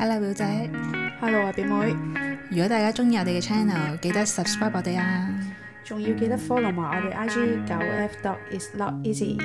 hello 表姐，hello 啊表妹，妹，如果大家中意我哋嘅 channel，記得 subscribe 我哋啊，仲要記得 follow 埋我哋 IG 九 f dot is not easy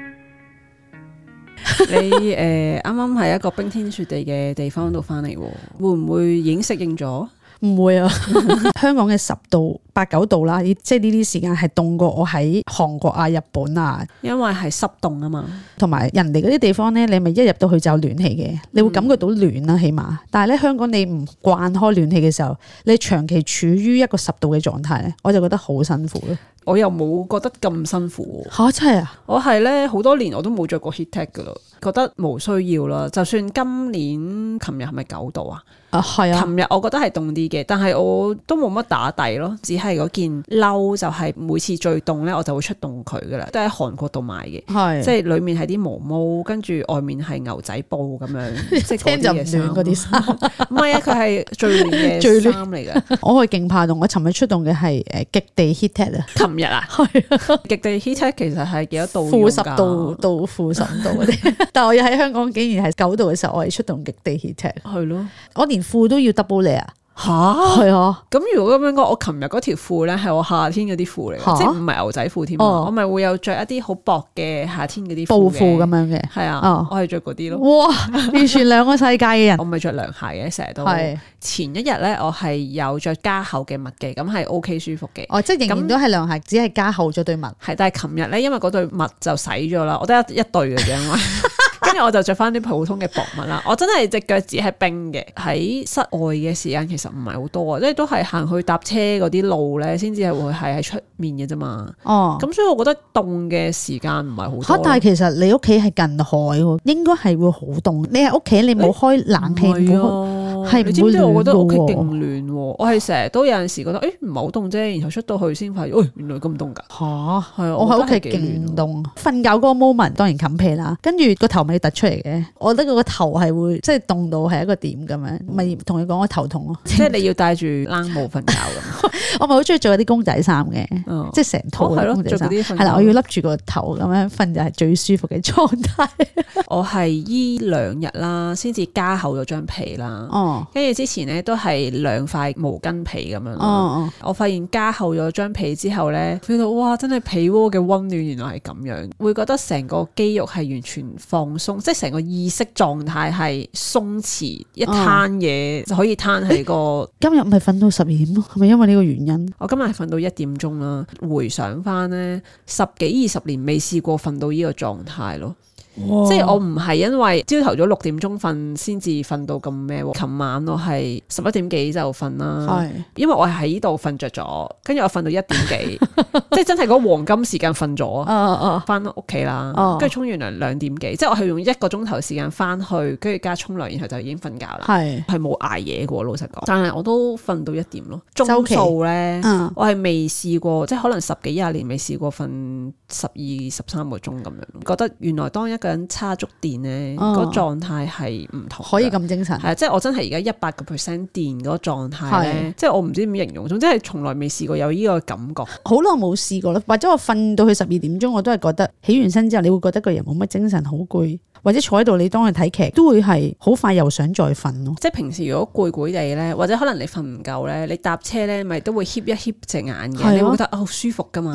你。你、呃、誒，啱啱喺一個冰天雪地嘅地方度返嚟，會唔會已經適應咗？唔會啊！ 香港嘅十度、八九度啦，即係呢啲時間係凍過我喺韓國啊、日本啊。因為係濕凍啊嘛，同埋人哋嗰啲地方咧，你咪一入到去就有暖氣嘅，你會感覺到暖啦，嗯、起碼。但係咧，香港你唔慣開暖氣嘅時候，你長期處於一個十度嘅狀態咧，我就覺得好辛苦咯。我又冇覺得咁辛苦，嚇真係啊！我係咧好多年我都冇着過 heat tech 嘅咯，覺得冇需要啦。就算今年琴日係咪九度啊？啊，係啊！尋日我覺得係凍啲嘅，但係我都冇乜打底咯，只係嗰件褸就係每次最凍咧，我就會出凍佢噶啦，都喺韓國度買嘅，係是即係裡面係啲毛毛，跟住外面係牛仔布咁樣，即係 聽就唔暖嗰啲衫，唔係啊，佢係最暖嘅衫嚟嘅，我係勁怕凍，我尋日出凍嘅係誒極地 heat cap 啊，尋日啊，係 極地 heat cap 其實係幾多度，度？負十度到負十五度嗰啲， 但我又喺香港竟然係九度嘅時候，我係出凍極地 heat cap，係咯， 我連，褲都要 double 你啊？吓，係啊。咁如果咁樣講，我琴日嗰條褲咧係我夏天嗰啲褲嚟，即係唔係牛仔褲添。我咪會有着一啲好薄嘅夏天嗰啲薄褲咁樣嘅，係啊，我係着嗰啲咯。哇，完全兩個世界嘅人，我咪着涼鞋嘅，成日都。係前一日咧，我係有着加厚嘅襪嘅，咁係 O K 舒服嘅。哦，即係仍然都係涼鞋，只係加厚咗對襪。係，但係琴日咧，因為嗰對襪就洗咗啦，我得一一對嘅啫。所以我就着翻啲普通嘅薄襪啦。我真係只腳趾係冰嘅，喺室外嘅時間其實唔係好多啊。即係都係行去搭車嗰啲路咧，先至係會係喺出面嘅啫嘛。哦，咁所以我覺得凍嘅時間唔係好多。但係其實你屋企係近海，應該係會好凍。你喺屋企，你冇開冷氣，欸係、啊、你知唔知？我覺得屋企勁亂喎，我係成日都有陣時覺得，誒唔係好凍啫，然後出到去先發現，誒原來咁凍㗎吓？係啊！我喺屋企勁凍，瞓覺嗰個 moment 當然冚被啦，跟住個頭咪突出嚟嘅，我覺得嗰個頭係會即係凍到係一個點咁樣，咪同你講我頭痛咯，即係你要戴住冷帽瞓覺咁， 我咪好中意做啲公仔衫嘅，嗯、即係成套係咯，做啲瞓，係啦，我要笠住個頭咁樣瞓就係最舒服嘅狀態。 我係依兩日啦，先至加厚咗張被啦，嗯跟住之前咧，都係兩塊毛巾被咁樣咯。哦哦、我發現加厚咗張被之後呢，feel 到哇，真係被窩嘅溫暖，原來係咁樣，會覺得成個肌肉係完全放鬆，即係成個意識狀態係鬆弛，一攤嘢，就可以攤喺個。哦、今日唔係瞓到十二點咯，係咪因為呢個原因？我今日係瞓到一點鐘啦。回想翻呢，十幾二十年未試過瞓到呢個狀態咯。哇即係我唔係因為朝頭早六點鐘瞓先至瞓到咁咩？琴晚我係十一點幾就瞓啦，是因為我喺依度瞓着咗，跟住我瞓到一點幾， 即係真係嗰黃金時間瞓咗。翻屋企啦，跟住沖完涼兩點幾，即係我係用一個鐘頭時間翻去，跟住加沖涼，然後就已經瞓覺啦。係冇是捱嘢捱夜嘅，老實講，但係我都瞓到一點咯。鐘數咧，嗯、我係未試過，即係可能十幾廿年未試過瞓十二十三個鐘咁樣，覺得原來當一。想叉足電咧，個狀態係唔同，可以咁精神。係即係我真係而家一百個 percent 電嗰個狀態咧，即係我唔知點形容。總之係從來未試過有呢個感覺。好耐冇試過啦，或者我瞓到去十二點鐘，我都係覺得起完身之後，你會覺得個人冇乜精神，好攰。或者坐喺度，你當係睇劇，都會係好快又想再瞓咯。即係平時如果攰攰地咧，或者可能你瞓唔夠咧，你搭車咧咪都會瞌一瞌隻眼嘅，你會覺得好舒服噶嘛。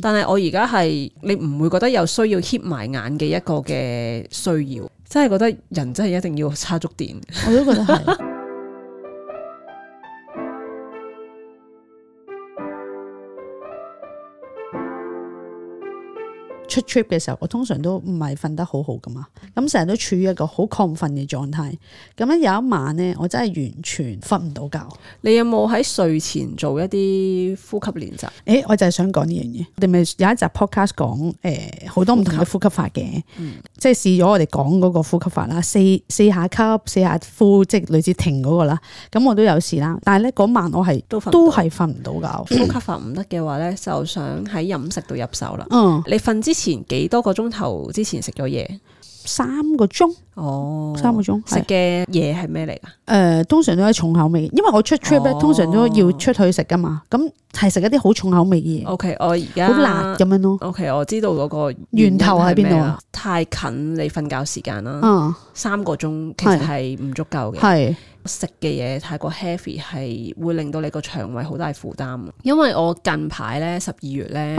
但係我而家係你唔會覺得有需要瞌埋眼嘅一個嘅需要，真係覺得人真係一定要叉足電，我都覺得係。 出 trip 嘅時候，我通常都唔係瞓得好好噶嘛，咁成日都處於一個好亢奮嘅狀態。咁咧有一晚咧，我真係完全瞓唔到覺。你有冇喺睡前做一啲呼吸練習？誒、欸，我就係想講呢樣嘢。我哋咪有一集 podcast 講誒好、呃、多唔同嘅呼吸法嘅，即係試咗我哋講嗰個呼吸法啦，四四下吸四下呼，即係類似停嗰、嗰個啦。咁我都有試啦，但係咧嗰晚我係都都係瞓唔到覺。嗯、呼吸法唔得嘅話咧，就想喺飲食度入手啦。嗯，你瞓之前。前幾多個鐘頭之前食咗嘢，三個鐘哦，三個鐘食嘅嘢係咩嚟噶？誒，通常都係重口味，因為我出 trip 咧，通常都要出去食噶嘛，咁係食一啲好重口味嘅嘢。OK，我而家好辣咁樣咯。OK，我知道嗰個源頭喺邊度，太近你瞓覺時間啦。嗯，三個鐘其實係唔足夠嘅，係食嘅嘢太過 heavy，係會令到你個腸胃好大負擔。因為我近排咧，十二月咧。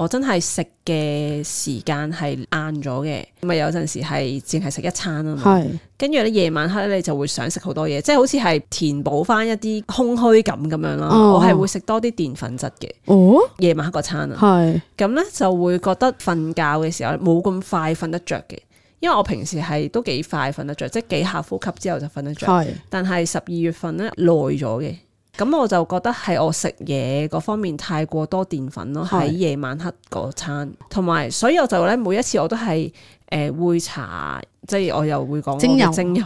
我真係食嘅時間係晏咗嘅，咪有陣時係淨係食一餐啊嘛是。跟住咧夜晚黑咧，你就會想食好多嘢，即係好似係填補翻一啲空虛感咁樣啦。我係會食多啲澱粉質嘅。哦，夜、哦、晚黑個餐啊。係是，咁咧就會覺得瞓覺嘅時候冇咁快瞓得着嘅，因為我平時係都幾快瞓得着，即、就、係、是、幾下呼吸之後就瞓得着。是但係十二月份咧，耐咗嘅。咁我就覺得係我食嘢嗰方面太過多澱粉咯，喺是夜晚黑嗰餐，同埋所以我就咧，每一次我都係。誒會搽，即係我又會講精油，精油，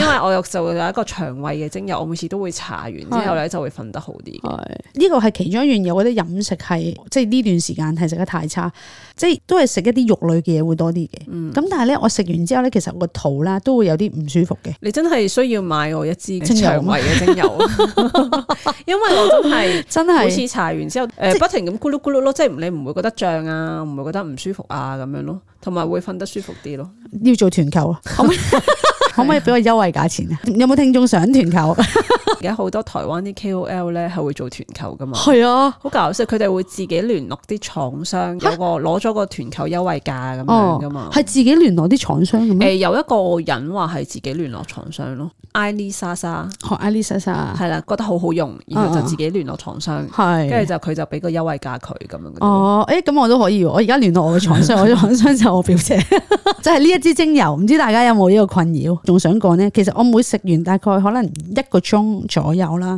因為我又就會有一個腸胃嘅精油，我每次都會搽完之後咧就會瞓得好啲。呢個係其中一樣嘢，我覺得飲食係即係呢段時間係食得太差，即係都係食一啲肉類嘅嘢會多啲嘅。咁但係咧，我食完之後咧，其實我個肚啦都會有啲唔舒服嘅。你真係需要買我一支腸胃嘅精油，因為我都係真係，好似搽完之後，誒不停咁咕碌咕碌咯，即係你唔會覺得脹啊，唔會覺得唔舒服啊咁樣咯，同埋會瞓得舒。舒服啲咯，要做團購。啊！可唔可以俾個優惠價錢有有 啊？有冇聽眾想團購？而家好多台灣啲 KOL 咧係會做團購噶嘛？係啊，好搞笑！佢哋會自己聯絡啲廠商，有個攞咗個團購優惠價咁樣噶嘛？係、哦、自己聯絡啲廠商嘅誒、呃，有一個人話係自己聯絡廠商咯，艾莉莎莎學艾莉莎莎係啦，覺得好好用，然後就自己聯絡廠商，係、哦，跟住就佢就俾個優惠價佢咁樣。哦，誒，咁我都可以，我而家聯絡我嘅廠商，我嘅廠商就我表姐， 就係呢一支精油，唔知大家有冇呢個困擾？仲想講咧，其實我每食完大概可能一個鐘左右啦，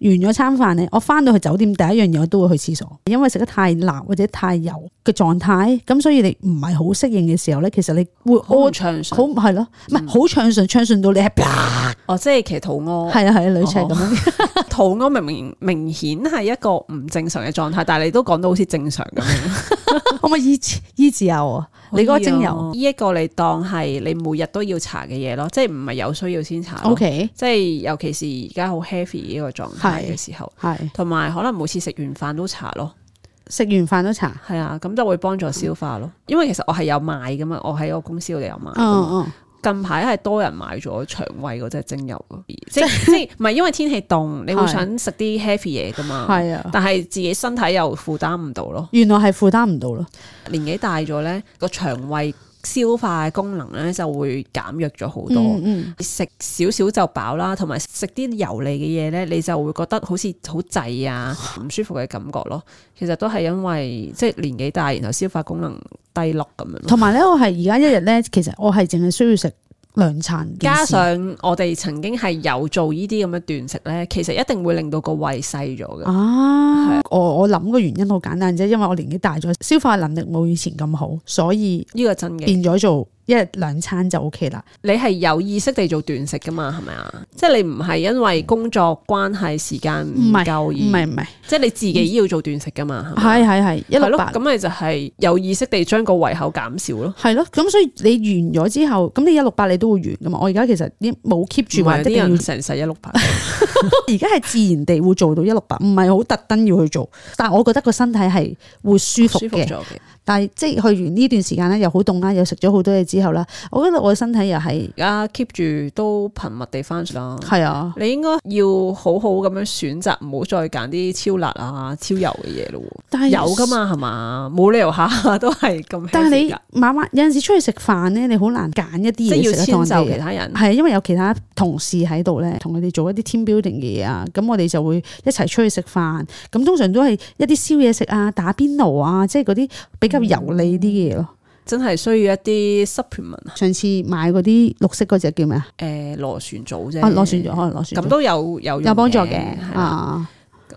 完咗餐飯咧，我翻到去酒店第一樣嘢我都會去廁所，因為食得太辣或者太油嘅狀態，咁所以你唔係好適應嘅時候咧，其實你會好暢順好係咯，唔係好暢順，暢順到你係啪哦，即係其實肚屙，係啊係啊，類似咁，肚屙、哦哦、 明明明顯係一個唔正常嘅狀態，但係你都講到好似正常咁樣。 我依依精油啊，你嗰個精油依、啊、一個你當係你每日都要搽嘅嘢咯，即係唔係有需要先搽。OK，即係尤其是而家好 heavy 呢個狀態嘅時候，係同埋可能每次食完飯都搽咯，食完飯都搽，係啊，咁就會幫助消化咯。嗯、因為其實我係有賣噶嘛，我喺個公司度有賣。嗯嗯。近排係多人買咗腸胃嗰隻精油咯，即即唔係因為天氣凍， 你會想食啲 heavy 嘢噶嘛？係啊 的，但係自己身體又負擔唔到咯。 原來係負擔唔到咯，年紀大咗咧個腸胃。消化功能咧就會減弱咗好多，食少少就飽啦，同埋食啲油膩嘅嘢咧，你就會覺得好似好滯啊，唔舒服嘅感覺咯。其實都係因為即係、就是、年紀大，然後消化功能低落咁樣。同埋咧，我係而家一日咧，其實我係淨係需要食。兩餐，加上我哋曾經係有做呢啲咁嘅斷食呢，其實一定會令到個胃細咗嘅。啊，是我我諗個原因好簡單啫，因為我年紀大咗，消化能力冇以前咁好，所以呢個真嘅變咗做。一日兩餐就 O K 啦，你係有意識地做斷食噶嘛，係咪啊？即係你唔係因為工作關係時間唔夠而唔係唔係，即係你自己要做斷食噶嘛？係係係一六八咁咪就係有意識地將個胃口減少咯。係咯，咁所以你完咗之後，咁你一六八你都會完噶嘛？我而家其實冇 keep 住，話一定要成世一六八。而家係自然地會做到一六八，唔係好特登要去做。但係我覺得個身體係會舒服嘅，舒服但係即係去完呢段時間咧，又好凍啦，又食咗好多嘢。之後啦，我覺得我身體又係而家 keep 住都頻密地翻轉啦。係啊，你應該要好好咁樣選擇，唔好再揀啲超辣啊、超油嘅嘢咯。但係是有㗎嘛係嘛？冇理由下下都係咁。但係你晚晚有陣時出去食飯咧，你好難揀一啲嘢食，要遷就其他人，係因為有其他同事喺度咧，同佢哋做一啲 team building 嘅嘢啊，咁我哋就會一齊出去食飯。咁通常都係一啲燒嘢食啊、打邊爐啊，即係嗰啲比較油膩啲嘅嘢咯。嗯真係需要一啲 supplement。上次買嗰啲綠色嗰隻叫咩啊？誒，螺旋藻啫。螺旋藻、啊、可能螺旋藻。咁都有有有幫助嘅。吧啊，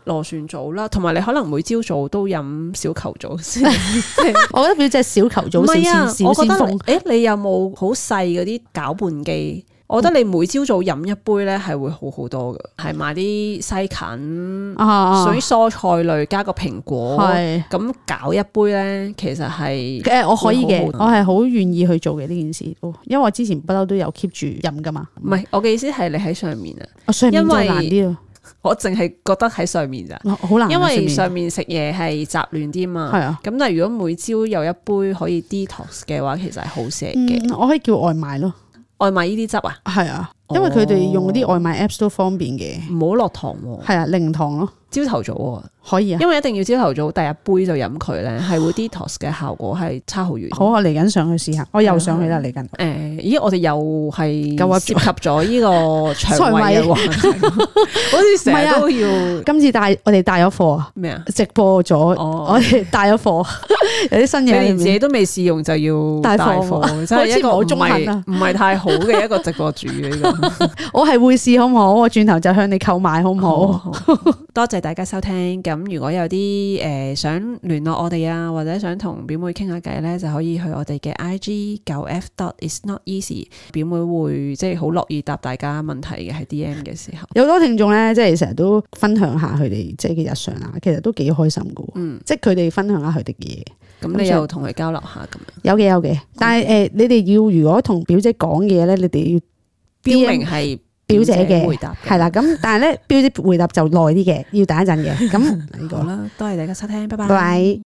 螺旋藻啦，同埋你可能每朝早都飲小球藻、啊、先。先我覺得嗰隻小球藻先，我覺得，誒，你有冇好細嗰啲攪拌機？我覺得你每朝早飲一杯咧，係會好好多嘅。係買啲西芹水蔬菜類加個蘋果，咁搞、啊、一杯咧。其實係誒，我可以嘅，我係好願意去做嘅呢件事。因為我之前不嬲都有 keep 住飲噶嘛唔、嗯、係，我嘅意思係你喺上面啊。上面就難啲咯，因為我淨係覺得喺上面咋，好、啊、難。因為上面食嘢係雜亂啲嘛。係啊。咁但係如果每朝有一杯可以 detox 嘅話，其實係好食嘅。嗯、我可以叫外賣咯。外賣呢啲汁啊，係啊，因為佢哋用嗰啲外賣 apps 都方便嘅，唔好落糖喎，係啊，零糖咯。朝頭早啊，可以啊，因為一定要朝頭早，第一杯就飲佢咧，係會 detox 嘅效果係差好遠。好，我嚟緊上去試下，我又上去啦，嚟緊。誒，咦，我哋又係咁啊，涉及咗呢個腸胃嘅話題，好似成日都要。今次帶我哋帶咗貨啊？咩啊？直播咗，我哋帶咗貨，有啲新嘢，連自己都未試用就要帶貨，真係一個好中意，唔係太好嘅一個直播主嚟嘅。我係會試好唔好？我轉頭就向你購買好唔好？多謝大家收聽，咁如果有啲誒想聯絡我哋啊，或者想同表妹傾下偈咧，就可以去我哋嘅 I G 九 F dot is not easy，表妹會即係好樂意答大家問題嘅。喺 D M 嘅時候，有多聽眾咧，即係成日都分享下佢哋即嘅日常啊，其實都幾開心噶，嗯，即係佢哋分享下佢哋嘅嘢，咁、嗯、你又同佢交流下咁樣，有嘅有嘅，但係是誒平、呃、你哋要如果同表姐講嘢咧，你哋要 D 明係。表姐嘅回答，係啦，咁但係呢，表姐回答就耐啲嘅。 要等一陣嘅。咁嚟講啦，多謝 吧 大家收聽，拜拜。拜拜。